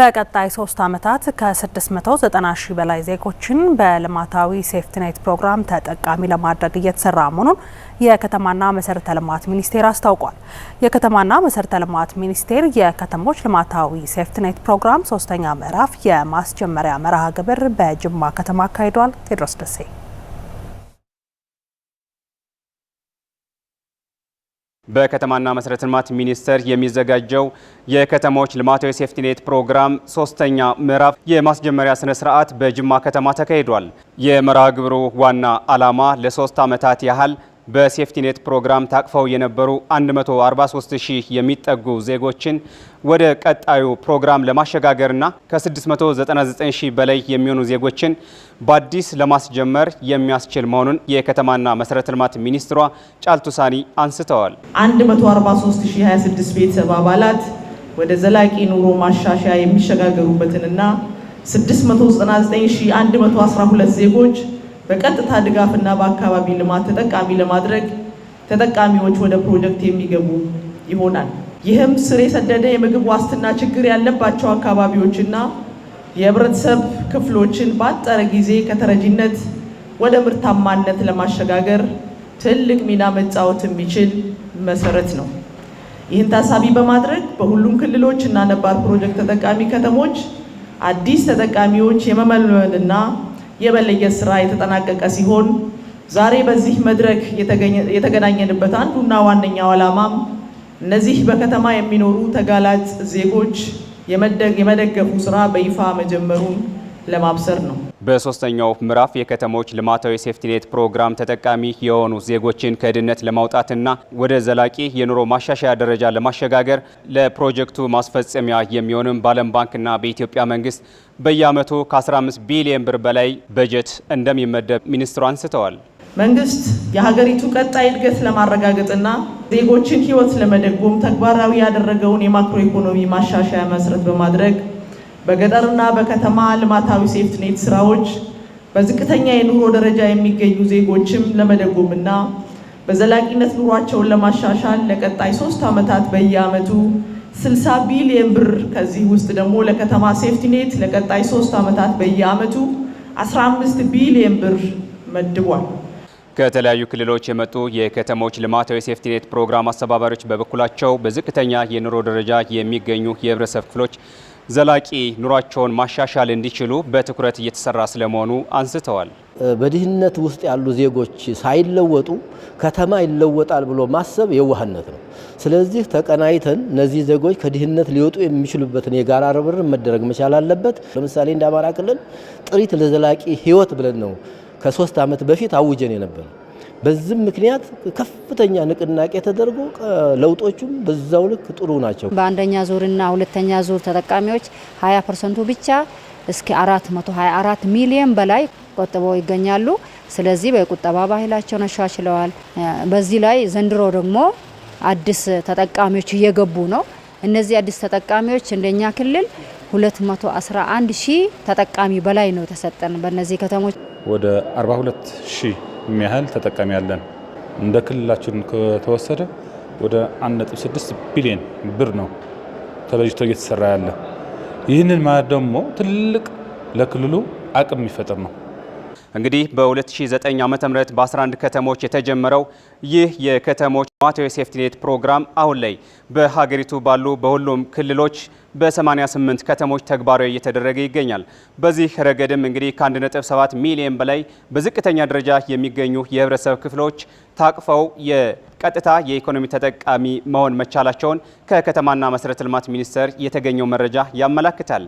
በቀጣይ ሶስት ዓመታት ከ690 ሺህ በላይ ዜጎችን በልማታዊ ሴፍቲኔት ፕሮግራም ተጠቃሚ ለማድረግ እየተሰራ መሆኑን የከተማና መሰረተ ልማት ሚኒስቴር አስታውቋል። የከተማና መሰረተ ልማት ሚኒስቴር የከተሞች ልማታዊ ሴፍቲኔት ፕሮግራም ሶስተኛ ምዕራፍ የማስጀመሪያ መርሃ ግብር በጅማ ከተማ አካሂዷል። ቴድሮስ ደሴ በከተማና መሰረተ ልማት ሚኒስቴር የሚዘጋጀው የከተሞች ልማታዊ ሴፍቲኔት ፕሮግራም ሶስተኛ ምዕራፍ የማስጀመሪያ ስነ ስርዓት በጅማ ከተማ ተካሂዷል። የመርሃ ግብሩ ዋና ዓላማ ለሶስት ዓመታት ያህል በሴፍቲኔት ፕሮግራም ታቅፈው የነበሩ 143 ሺህ የሚጠጉ ዜጎችን ወደ ቀጣዩ ፕሮግራም ለማሸጋገርና ከ699 ሺህ በላይ የሚሆኑ ዜጎችን በአዲስ ለማስጀመር የሚያስችል መሆኑን የከተማና መሰረተ ልማት ሚኒስትሯ ጫልቱ ሳኒ አንስተዋል። 143026 ቤተሰብ አባላት ወደ ዘላቂ ኑሮ ማሻሻያ የሚሸጋገሩበትንና 699112 ዜጎች በቀጥታ ድጋፍና በአካባቢ ልማት ተጠቃሚ ለማድረግ ተጠቃሚዎች ወደ ፕሮጀክት የሚገቡ ይሆናል። ይህም ስር የሰደደ የምግብ ዋስትና ችግር ያለባቸው አካባቢዎችና የህብረተሰብ ክፍሎችን ባጠረ ጊዜ ከተረጂነት ወደ ምርታማነት ለማሸጋገር ትልቅ ሚና መጫወት የሚችል መሰረት ነው። ይህን ታሳቢ በማድረግ በሁሉም ክልሎች እና ነባር ፕሮጀክት ተጠቃሚ ከተሞች አዲስ ተጠቃሚዎች የመመልመልና የመለየት ስራ የተጠናቀቀ ሲሆን ዛሬ በዚህ መድረክ የተገናኘንበት አንዱና ዋነኛው ዓላማም እነዚህ በከተማ የሚኖሩ ተጋላጭ ዜጎች የመደገፉ ስራ በይፋ መጀመሩን ለማብሰር ነው። በሶስተኛው ምዕራፍ የከተሞች ልማታዊ ሴፍቲኔት ፕሮግራም ተጠቃሚ የሆኑ ዜጎችን ከድህነት ለማውጣትና ወደ ዘላቂ የኑሮ ማሻሻያ ደረጃ ለማሸጋገር ለፕሮጀክቱ ማስፈጸሚያ የሚሆንም በዓለም ባንክና በኢትዮጵያ መንግስት በየዓመቱ ከ15 ቢሊዮን ብር በላይ በጀት እንደሚመደብ ሚኒስትሩ አንስተዋል። መንግስት የሀገሪቱ ቀጣይ እድገት ለማረጋገጥና ዜጎችን ህይወት ለመደጎም ተግባራዊ ያደረገውን የማክሮ ኢኮኖሚ ማሻሻያ መሰረት በማድረግ በገጠርና በከተማ ልማታዊ ሴፍትኔት ስራዎች በዝቅተኛ የኑሮ ደረጃ የሚገኙ ዜጎችም ለመደጎምና በዘላቂነት ኑሯቸውን ለማሻሻል ለቀጣይ ሶስት ዓመታት በየአመቱ 60 ቢሊየን ብር ከዚህ ውስጥ ደግሞ ለከተማ ሴፍቲኔት ለቀጣይ ሶስት ዓመታት በየአመቱ 15 ቢሊየን ብር መድቧል። ከተለያዩ ክልሎች የመጡ የከተሞች ልማታዊ ሴፍቲኔት ፕሮግራም አስተባባሪዎች በበኩላቸው በዝቅተኛ የኑሮ ደረጃ የሚገኙ የህብረተሰብ ክፍሎች ዘላቂ ኑሯቸውን ማሻሻል እንዲችሉ በትኩረት እየተሰራ ስለመሆኑ አንስተዋል። በድህነት ውስጥ ያሉ ዜጎች ሳይለወጡ ከተማ ይለወጣል ብሎ ማሰብ የዋህነት ነው። ስለዚህ ተቀናይተን እነዚህ ዜጎች ከድህነት ሊወጡ የሚችሉበትን የጋራ ርብርብ መደረግ መቻል አለበት። ለምሳሌ እንደ አማራ ክልል ጥሪት ለዘላቂ ህይወት ብለን ነው ከሶስት ዓመት በፊት አውጀን የነበረ በዚህም ምክንያት ከፍተኛ ንቅናቄ ተደርጎ ለውጦቹም በዛው ልክ ጥሩ ናቸው። በአንደኛ ዙርና ሁለተኛ ዙር ተጠቃሚዎች 20 ፐርሰንቱ ብቻ እስከ 424 ሚሊዮን በላይ ቆጥበው ይገኛሉ። ስለዚህ በቁጠባ ባህላቸውን አሻሽለዋል። በዚህ ላይ ዘንድሮ ደግሞ አዲስ ተጠቃሚዎች እየገቡ ነው። እነዚህ አዲስ ተጠቃሚዎች እንደኛ ክልል 211 ሺህ ተጠቃሚ በላይ ነው የተሰጠን። በእነዚህ ከተሞች ወደ 42 ሺህ የሚያህል ተጠቃሚ ያለን። እንደ ክልላችን ከተወሰደ ወደ 1.6 ቢሊዮን ብር ነው ተበጅቶ እየተሰራ ያለ። ይህንን ማለት ደግሞ ትልቅ ለክልሉ አቅም የሚፈጥር ነው። እንግዲህ በ2009 ዓ.ም በ11 ከተሞች የተጀመረው ይህ የከተሞች ማቴዎ ሴፍቲኔት ፕሮግራም አሁን ላይ በሀገሪቱ ባሉ በሁሉም ክልሎች በ88 ከተሞች ተግባራዊ እየተደረገ ይገኛል። በዚህ ረገድም እንግዲህ ከ1.7 ሚሊዮን በላይ በዝቅተኛ ደረጃ የሚገኙ የህብረተሰብ ክፍሎች ታቅፈው የቀጥታ የኢኮኖሚ ተጠቃሚ መሆን መቻላቸውን ከከተማና መሰረተ ልማት ሚኒስቴር የተገኘው መረጃ ያመላክታል።